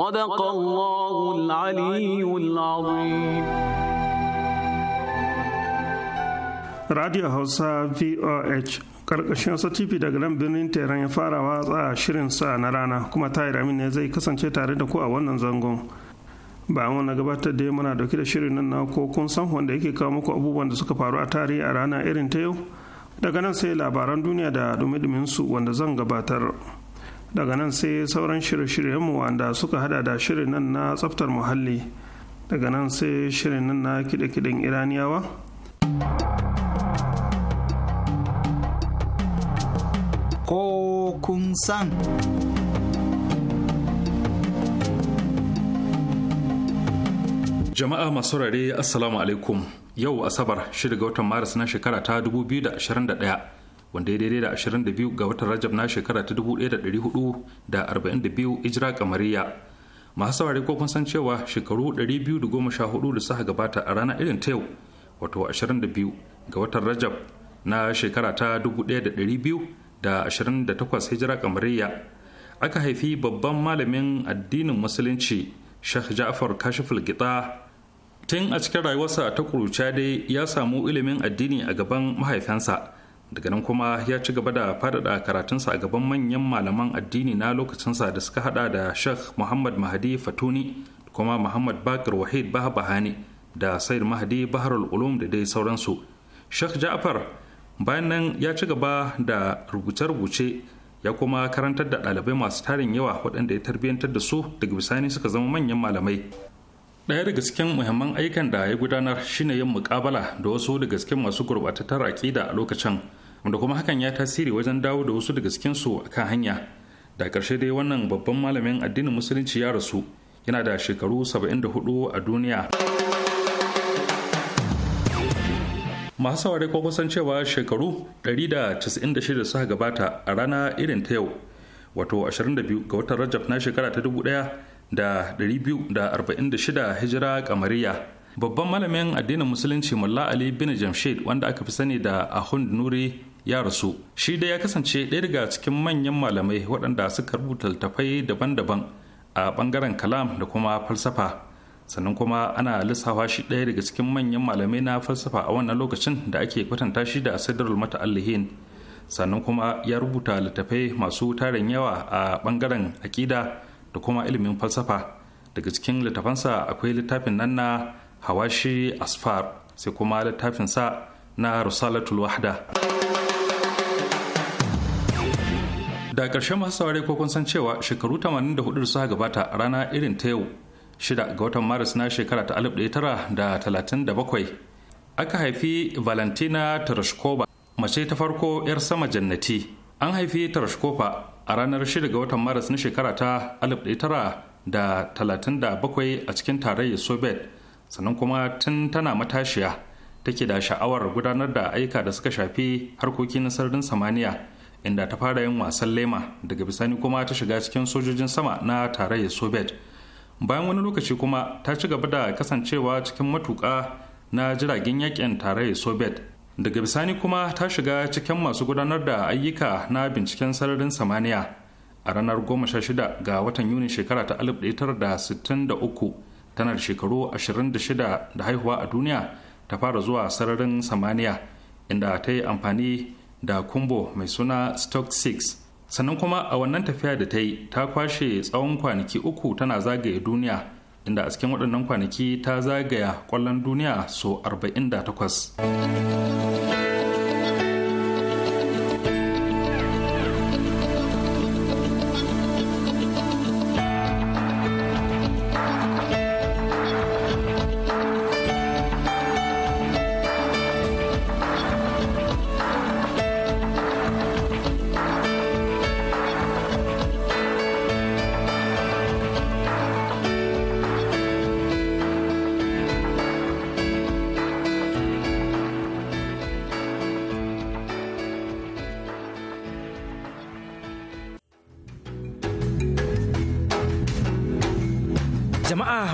صدق الله العلي العظيم في Hausa اتش karkashin sa TV daga nan birnin Teran ya fara watsa shirin sa na rana kuma Tahir Amin ne zai kasance tare da ku a wannan zangon. Ba mu na gabatar da muna dauke da shirin nan na ko kun san wanda yake kawo muku abubuwan da suka faru a tarihi a rana irin ta yau. Daga nan sai labaran duniya da dumi su wanda zan gabatar. daga nan sai sauran shirye-shiryenmu wanda suka hada da shirin nan na tsaftar muhalli daga nan sai shirin nan na kide-kiden iraniyawa ko kun san jama'a masu rare assalamu alaikum yau asabar shirga ga watan maris na shekara ta 2021 wanda ya daidai da 22 ga watan rajab na shekara ta 1442 ijira kamariya masu saurari ko kun san cewa shekaru 214 da suka gabata a rana irin ta yau wato 22 ga watan rajab na shekara ta 1228 hijira kamariya aka haifi babban malamin addinin musulunci shah Ja'far Kashiful Gita tun a cikin rayuwarsa ta kuruca dai ya samu ilimin addini a gaban mahaifansa daga nan kuma ya ci gaba da faɗaɗa karatunsa a gaban manyan malaman addini na lokacinsa da suka hada da sheikh muhammad mahadi fatuni kuma muhammad bakir wahid bahbahani da said mahadi baharul ulum da dai sauransu sheikh ja'far bayan nan ya ci gaba da rubuce-rubuce ya kuma karantar da ɗalibai masu tarin yawa waɗanda ya tarbiyyantar da su daga bisani suka zama manyan malamai ɗaya daga cikin muhimman aikan da ya gudanar shine yin mukabala da wasu daga cikin masu gurɓatattar aƙida a lokacin wanda kuma hakan ya tasiri wajen dawo da wasu daga cikinsu a kan hanya da ƙarshe dai wannan babban malamin addinin musulunci ya rasu yana da shekaru 74 a duniya masu saurari ko kusan cewa shekaru 196 suka gabata a rana irin ta yau wato 22 ga watan rajab na shekara ta 1246 hijira kamariya babban malamin addinin musulunci mullah ali bin jamshid wanda aka fi sani da ahun nuri ya rasu shi da ya kasance ɗaya daga cikin manyan malamai waɗanda suka rubuta littattafai daban-daban a ɓangaren kalam da kuma falsafa sannan kuma ana lissafa shi ɗaya daga cikin manyan malamai na falsafa a wannan lokacin da ake kwatanta shi da mata mata'allihin sannan kuma ya rubuta littattafai masu tarin yawa a ɓangaren aƙida da kuma ilimin falsafa daga cikin littafansa akwai littafin nan na hawashi asfar sai kuma littafinsa na rusalatul wahda da ƙarshen masu saurare ko kun san cewa shekaru 84 da suka gabata rana irin ta yau shida ga watan maris na shekara ta alif da da talatin bakwai aka haifi valentina Tarashkoba, mace ta farko 'yar sama jannati an haifi Tarashkoba a ranar shida ga watan maris na shekara ta alif da da talatin bakwai a cikin tarayyar soviet sannan kuma tun tana matashiya take da sha'awar gudanar da aika da suka shafi harkokin sararin samaniya inda ta fara yin wasan lema daga bisani kuma ta shiga cikin sojojin sama na tarayyar soviet bayan wani lokaci kuma ta ci gaba da kasancewa cikin matuƙa na jiragen yakin tarayyar soviet daga bisani kuma ta shiga cikin masu gudanar da ayyuka na binciken sararin samaniya a ranar 16 ga watan yuni shekara ta 1963 tana da shekaru 26 da haihuwa a duniya ta fara zuwa sararin samaniya inda ta yi amfani da kumbo mai suna stock 6 sannan kuma a wannan tafiya da ta yi ta kwashe tsawon kwanaki uku tana zagaya duniya inda a cikin waɗannan kwanaki ta zagaya ƙwallon duniya so 48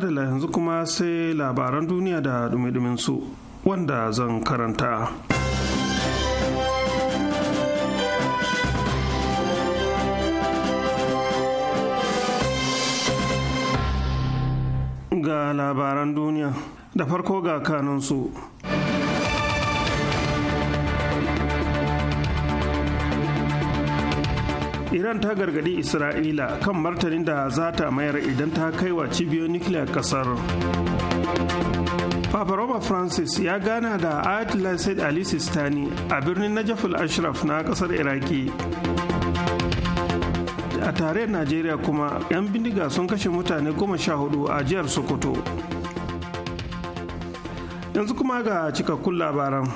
adala yanzu kuma sai labaran duniya da dumi su wanda zan karanta. Ga labaran duniya da farko ga kanansu. iran ta gargadi isra'ila kan martanin da za ta mayar idan ta kai wa cibiyoyin nukiliyar kasar Papa Roma Francis ya gana da Ayatollah Said Ali Sistani a birnin al Ashraf na kasar Iraki. A tarayyar Najeriya kuma 'yan bindiga sun kashe mutane goma sha hudu a jihar Sokoto. Yanzu kuma ga cikakkun labaran.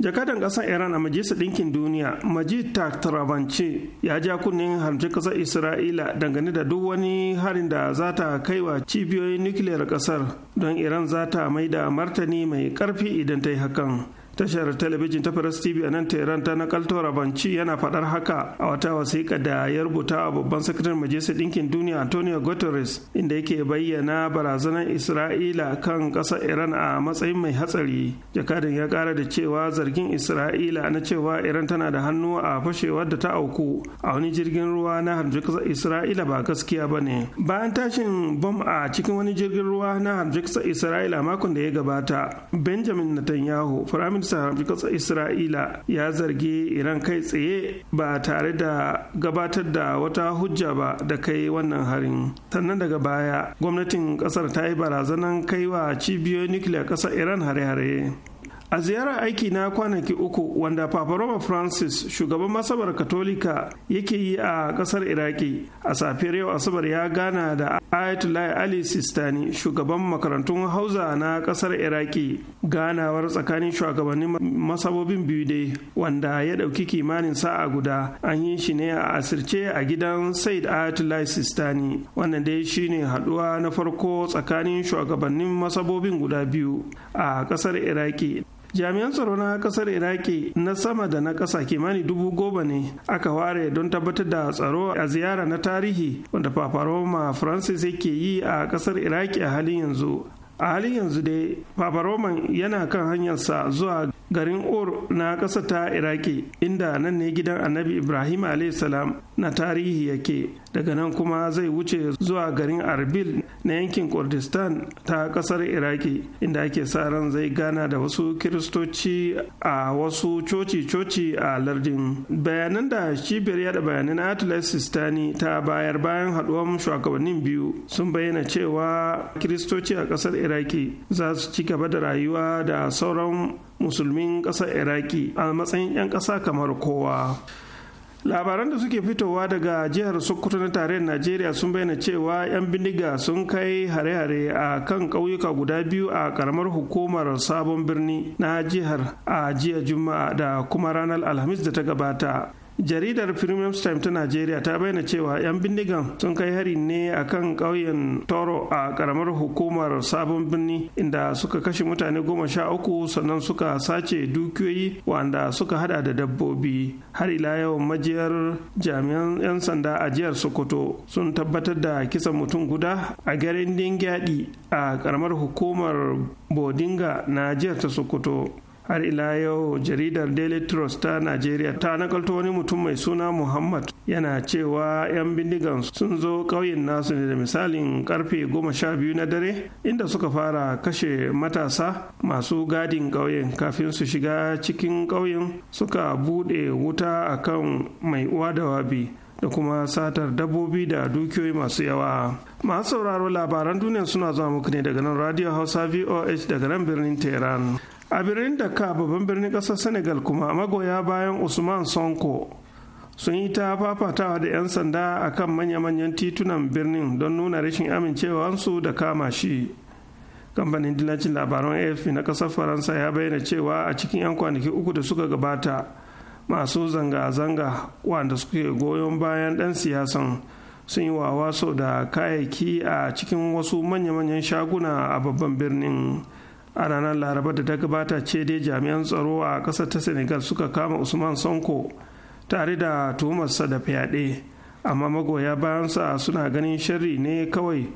jakadan kasar iran a majalisar ɗinkin duniya majid taktarabanci ya ja kunnen harcin kasar isra'ila dangane da duk wani harin da za ta kai wa cibiyoyin nukiliyar kasar don iran za ta mai da martani mai karfi idan ta yi hakan tashar talabijin ta Press TV a nan Tehran ta nakalto Rabanci yana faɗar haka a wata wasiƙa da ya rubuta a babban sakataren majalisar ɗinkin duniya Antonio Guterres inda yake bayyana barazanar Isra'ila kan ƙasar Iran a matsayin mai hatsari. jakadin ya ƙara da cewa zargin Isra'ila na cewa Iran tana da hannu a fashewar da ta auku a wani jirgin ruwa na harbi ƙasar Isra'ila ba gaskiya ba ne. Bayan tashin bom a cikin wani jirgin ruwa na harbi ƙasar Isra'ila makon da ya gabata, Benjamin Netanyahu, Firamin Amsa rikotsa isra'ila ya zargi iran kai tsaye ba tare da gabatar da wata hujja ba da kai wannan harin sannan daga baya gwamnatin kasar ta yi barazanan kaiwa wa cibiyoyin nukiliyar kasar iran hare-hare a ziyarar aiki na kwanaki uku wanda papa roma francis shugaban masabar katolika yake yi a kasar iraki a safiyar yau asabar ya gana da ayatollah ali sistani shugaban makarantun hausa na kasar iraki ganawar tsakanin shugabannin masabobin biyu dai wanda ya ɗauki kimanin sa'a guda an yi shi ne a asirce a gidan said ayatollah sistani wannan dai shine haɗuwa na farko tsakanin shugabannin masabobin guda biyu a kasar iraki jami'an tsaro na kasar iraki na sama da na ƙasa kimani dubu goma ne aka ware don tabbatar da tsaro a ziyara na tarihi wanda paparoma francis yake yi a kasar iraki a halin yanzu a halin yanzu dai papa roman yana kan hanyarsa zuwa garin or na ƙasa ta iraki inda nan ne gidan annabi ibrahim salam na tarihi yake daga nan kuma zai wuce zuwa garin arbil na yankin kurdistan ta ƙasar iraki inda ake sa ran zai gana da wasu kiristoci a wasu coci-coci a lardin bayanan da cibiyar yada bayanan atlas sistani ta bayar bayan haɗuwar shugabannin biyu sun bayyana cewa kiristoci a ƙasar iraki iraki za su ci gaba da rayuwa da sauran musulmin ƙasar iraki a matsayin 'yan ƙasa kamar kowa labaran da suke fitowa daga jihar sokoto na tarayyar najeriya sun bayyana cewa 'yan bindiga sun kai hare-hare a kan ƙauyuka guda biyu a karamar hukumar sabon birni na jihar a jiya juma'a da kuma ranar alhamis da ta gabata jaridar premium time ta najeriya ta bayyana cewa 'yan bindigan sun kai hari ne a kan ƙauyen toro a ƙaramar hukumar sabon birni inda suka kashe mutane goma sha uku sannan suka sace dukiyoyi wanda suka hada da dabbobi har ila yau majiyar jami'an 'yan sanda a jihar sokoto sun tabbatar da kisan mutum guda a garin dingyadi a ƙaramar hukumar bodinga na jihar ta sokoto har ila yau jaridar daily trust ta najeriya ta nakalto wani mutum mai suna muhammad yana cewa 'yan bindigan sun zo ƙauyen nasu ne da misalin karfe goma sha biyu na dare inda suka fara kashe matasa masu gadin ƙauyen kafin su shiga cikin ƙauyen suka buɗe wuta a kan mai uwa da wabi da kuma satar dabbobi da dukiyoyi masu yawa. Masu sauraro labaran duniya suna zuwa muku ne daga nan Radio Hausa VOH daga nan birnin Tehran. a birnin daka babban birnin ƙasar senegal kuma magoya bayan usman sonko sun yi ta fafatawa da 'yan sanda a kan manya-manyan titunan birnin don nuna rashin amincewarsu da kama shi kamfanin dillacin labaran afp na ƙasar faransa ya bayyana cewa a cikin 'yan kwanaki uku da suka gabata masu zanga-zanga wanda suke goyon bayan ɗan siyasan sun yi wawa sau da kayayyaki a cikin wasu manya-manyan shaguna a babban birnin a ranar laraba da ta gabata ce dai jami'an tsaro a ƙasar ta senegal suka kama usman sonko tare da tuhumarsa da fyaɗe amma magoya bayansa suna ganin sharri ne kawai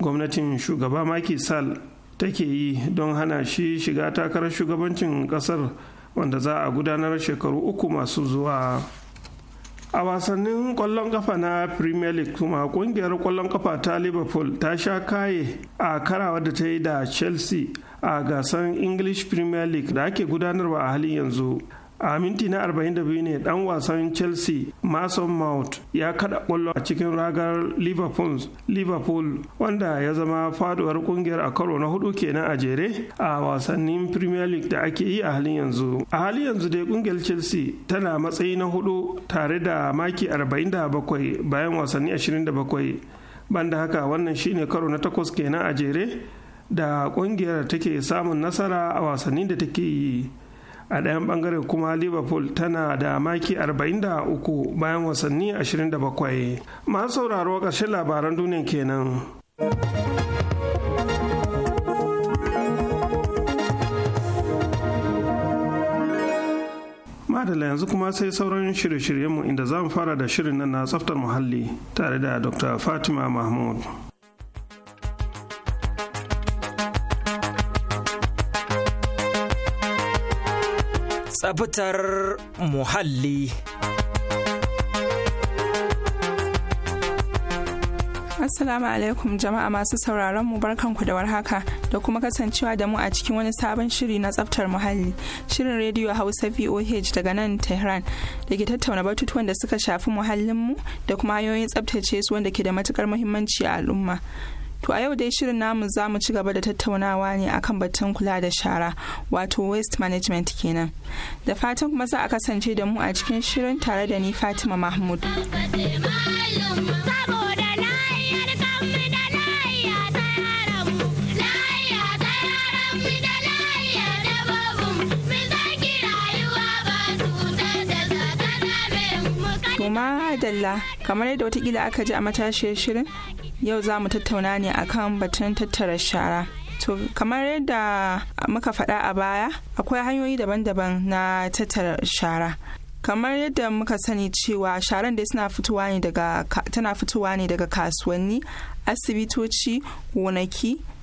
gwamnatin shugaba maki sal take yi don hana shi shiga takarar shugabancin ƙasar wanda za a gudanar shekaru uku masu zuwa a wasannin kwallon kafa na premier league kuma kungiyar kwallon kafa ta liverpool ta sha kaye a karawa da ta yi da chelsea a gasar english premier league da ake gudanarwa a halin yanzu a minti na 42 ne dan wasan chelsea mason mount ya kada kwallo a cikin ragar liverpool liverpool wanda ya zama faduwar kungiyar a karo na hudu kenan a jere a wasannin premier league da ake yi a halin yanzu a halin yanzu dai kungiyar chelsea tana matsayi na hudu tare da maki 47 bayan wasanni 27 banda haka wannan shine karo na takwas kenan a jere da kungiyar take samun nasara a wasannin da take yi a ɗayan ɓangaren kuma liverpool tana da maki 43 bayan wasanni 27 masu sauraro ƙarshen labaran duniya kenan madala yanzu kuma sai sauran shirye-shiryenmu inda za mu fara da shirin nan na tsaftar muhalli tare da dr fatima mahmud tsabtar muhalli. Assalamu alaikum jama'a masu sauraron mu ku da warhaka da kuma kasancewa da mu a cikin wani sabon shiri na tsaftar muhalli shirin rediyo Hausa VOH daga nan Tehran da ke tattauna batutuwan da suka shafi muhallinmu da kuma hanyoyin tsaftace su wanda ke da matukar muhimmanci a al'umma. To a yau dai shirin namu za mu ci gaba da tattaunawa ne akan batun kula da shara wato waste management kenan. Da fatan kuma za a kasance da mu a cikin shirin tare da ni Fatima Mahmud. Dalla kamar yadda watakila aka ji a matashiyar shirin yau za mu tattauna ne akan batun tattara shara to kamar yadda muka faɗa a baya akwai hanyoyi daban-daban na tattara shara kamar yadda muka sani cewa sharan da tana fitowa ne daga kasuwanni asibitoci gonaki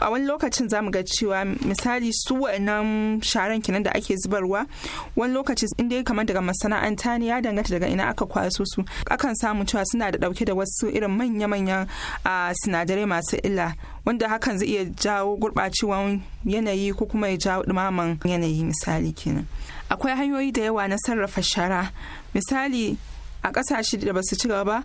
a wani lokacin za mu ga cewa misali su wa'annan sharan kenan da ake zubarwa wani lokaci inda ya kamar daga masana'anta ne ya danganta daga ina aka kwaso su akan samu cewa suna da dauke da wasu irin manya-manyan sinadarai masu illa wanda hakan zai iya jawo gurɓacewan yanayi ko kuma ya jawo ɗumaman yanayi misali kenan akwai hanyoyi da yawa na sarrafa shara misali a ƙasashe da ba su ci gaba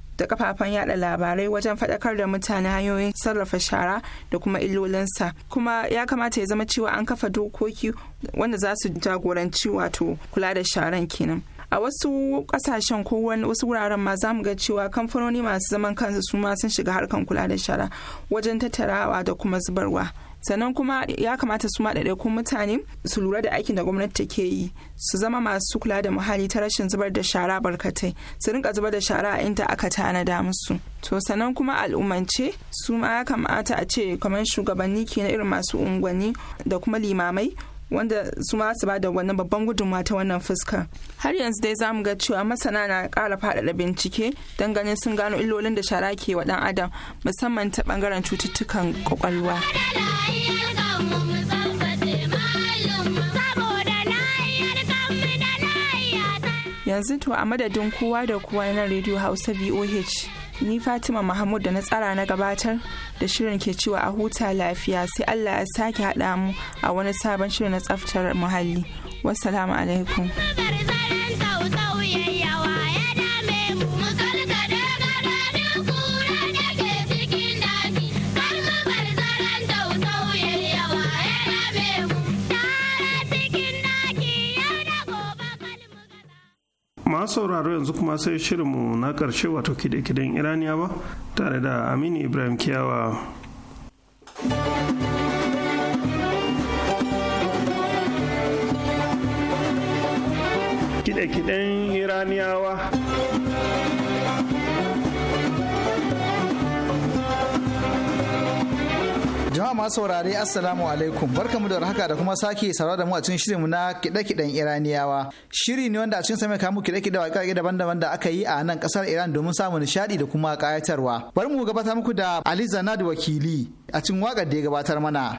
da kafafen yada labarai wajen faɗakar da mutane hanyoyin sarrafa shara da kuma illolinsa kuma ya kamata ya zama cewa an kafa dokoki wanda za su jagoranci wato kula da sharan kenan a wasu kasashen ko wasu wuraren ma za mu ga cewa kamfanoni masu zaman kansu su ma sun shiga harkan kula da shara wajen tattarawa da kuma zubarwa sannan kuma ya kamata su ma mutane su lura da aikin da gwamnati take yi su zama masu kula da muhalli ta rashin zubar da shara barkatai su rinka zubar da shara a inda aka tanada musu to sannan kuma al'umance su ma ya kamata a ce kamar shugabanni ke na irin masu unguwanni da kuma limamai wanda su ma su bada wannan babban gudunmawa ta wannan fuska har yanzu dai zamu ga cewa masana na kara faɗaɗa bincike don ganin sun gano illolin da shara ke wa ɗan adam musamman ta ɓangaren cututtukan ƙwaƙwalwa. yanzu to a madadin kowa da kowa na radio hausa voh ni fatima mahmud da na tsara na gabatar da shirin ke cewa a huta lafiya sai allah ya sake haɗa mu a wani sabon shirin na tsaftar muhalli wassalamu alaikum ba sauraro yanzu kuma sai mu na ƙarshe wato kide-kiden ba, tare da aminu ibrahim kiyawa kide-kiden iraniyawa masu saurare assalamu alaikum barkamu da haka da kuma sake saurara da mu a cikin shirinmu na kiɗe-kiɗen iraniyawa shiri ne wanda a cikin sami kamu kiɗe-kiɗe wa ƙarƙe daban-daban da aka yi a nan kasar iran domin samun nishadi da kuma kayatarwa bari mu gabatar muku da ali zanad wakili a cikin waƙar da ya gabatar mana.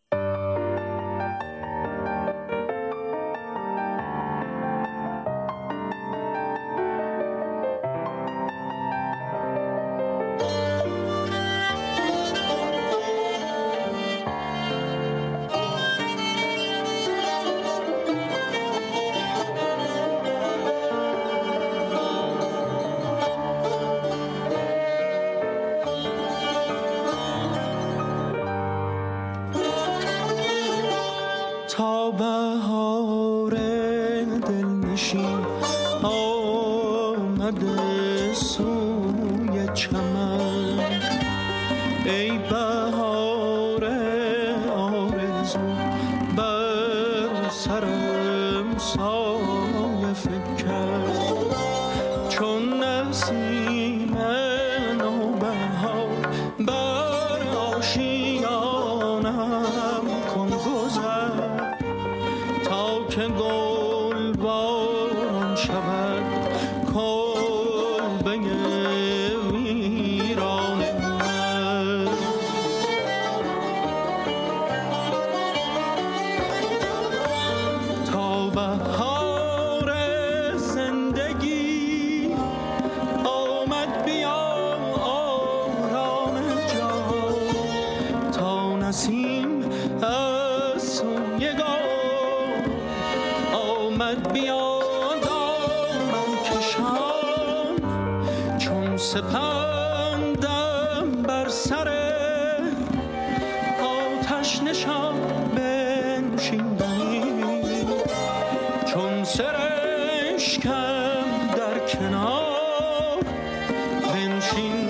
心。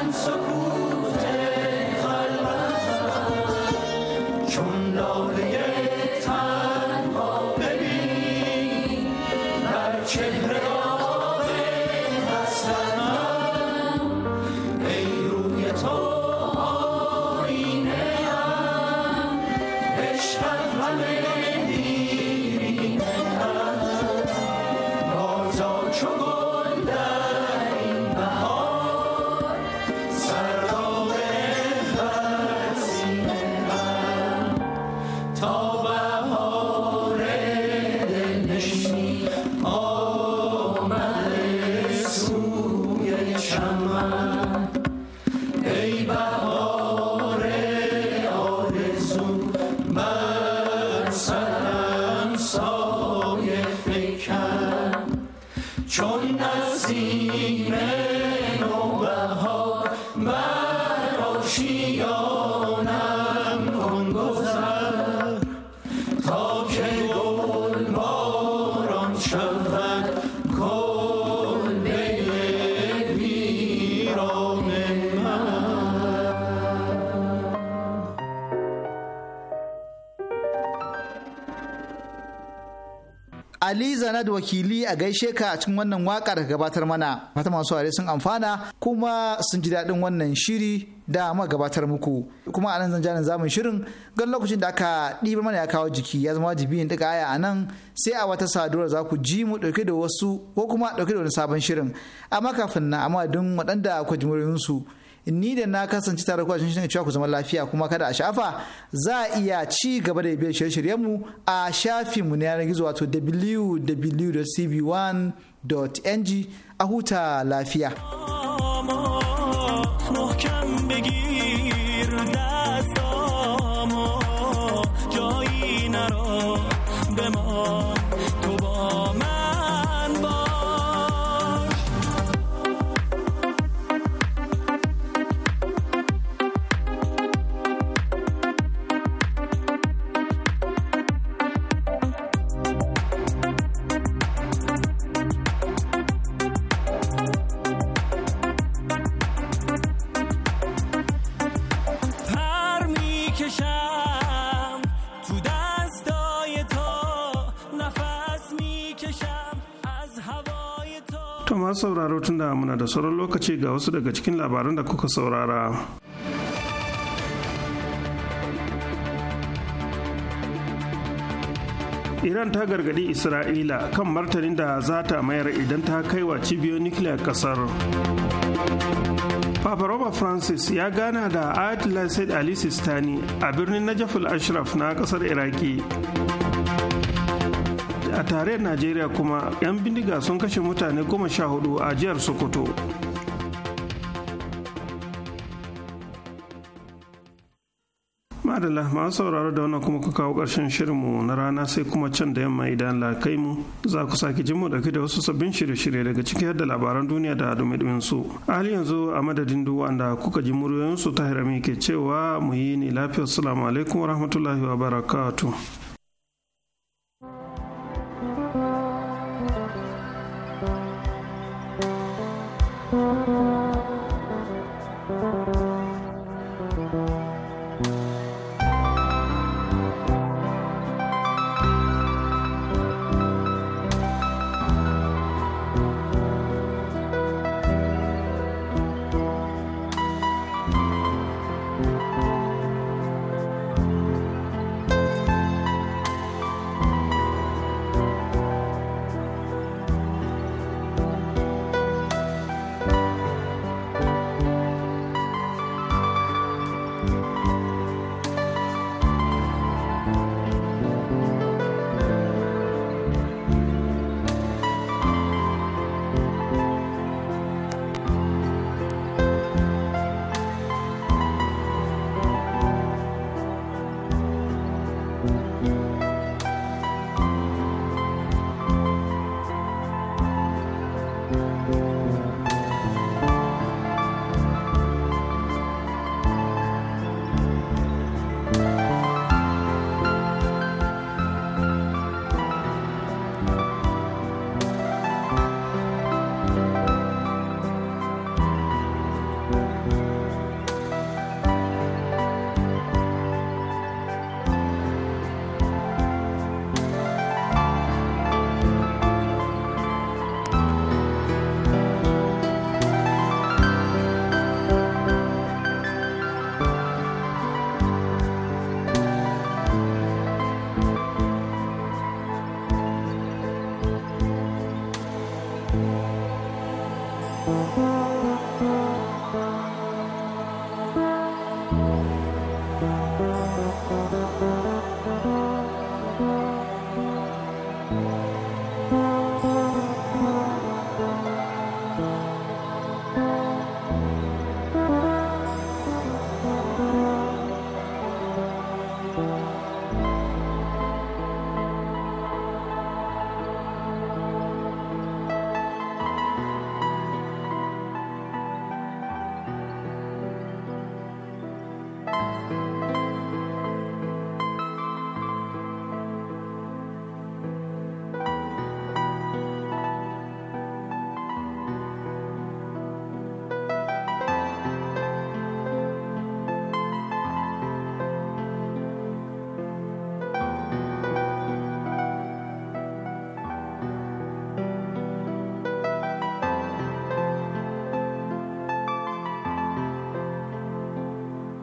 I'm so cool. چون نسیم gudanar da wakili a gaishe ka a cikin wannan waka da gabatar mana fata masu ware sun amfana kuma sun ji daɗin wannan shiri da ma gabatar muku kuma anan zan janin zamun shirin gan lokacin da aka ɗibar mana ya kawo jiki ya zama wajibi in ɗiga aya a nan sai a wata saduwar za ku ji mu ɗauke da wasu ko kuma ɗauke da wani sabon shirin amma kafin na amma don waɗanda ku ji ni da na kasance tare ku a cikin cewa ku zama lafiya kuma kada a shafa za a iya ci gaba da biyar shirye mu a shafin mu na yanar gizo wato www.cb1.ng a huta lafiya. sauraro tunda muna da sauran lokaci ga wasu daga cikin labaran da kuka saurara. Iran ta gargadi Isra'ila kan martanin da za ta mayar idan ta kai wa cibiyoyin nukiliya kasar. Papa Robert Francis ya gana da Ayatollah Said Ali Sistani a birnin Najaful Ashraf na kasar Iraki. a tarayyar najeriya kuma 'yan bindiga sun kashe mutane goma sha hudu a jihar sokoto madalla masu sauraro da wannan kuma ku kawo ƙarshen shirinmu na rana sai kuma can da yamma idan kai mu za ku sake jin mu dauke da wasu sabbin shirye-shirye daga ciki da labaran duniya da dumi su a hali yanzu a madadin duk wanda kuka ji muryoyinsu ta hirami ke cewa mu yi ne lafiyar salamu alaikum wa rahmatullahi wa barakatu. Thank you.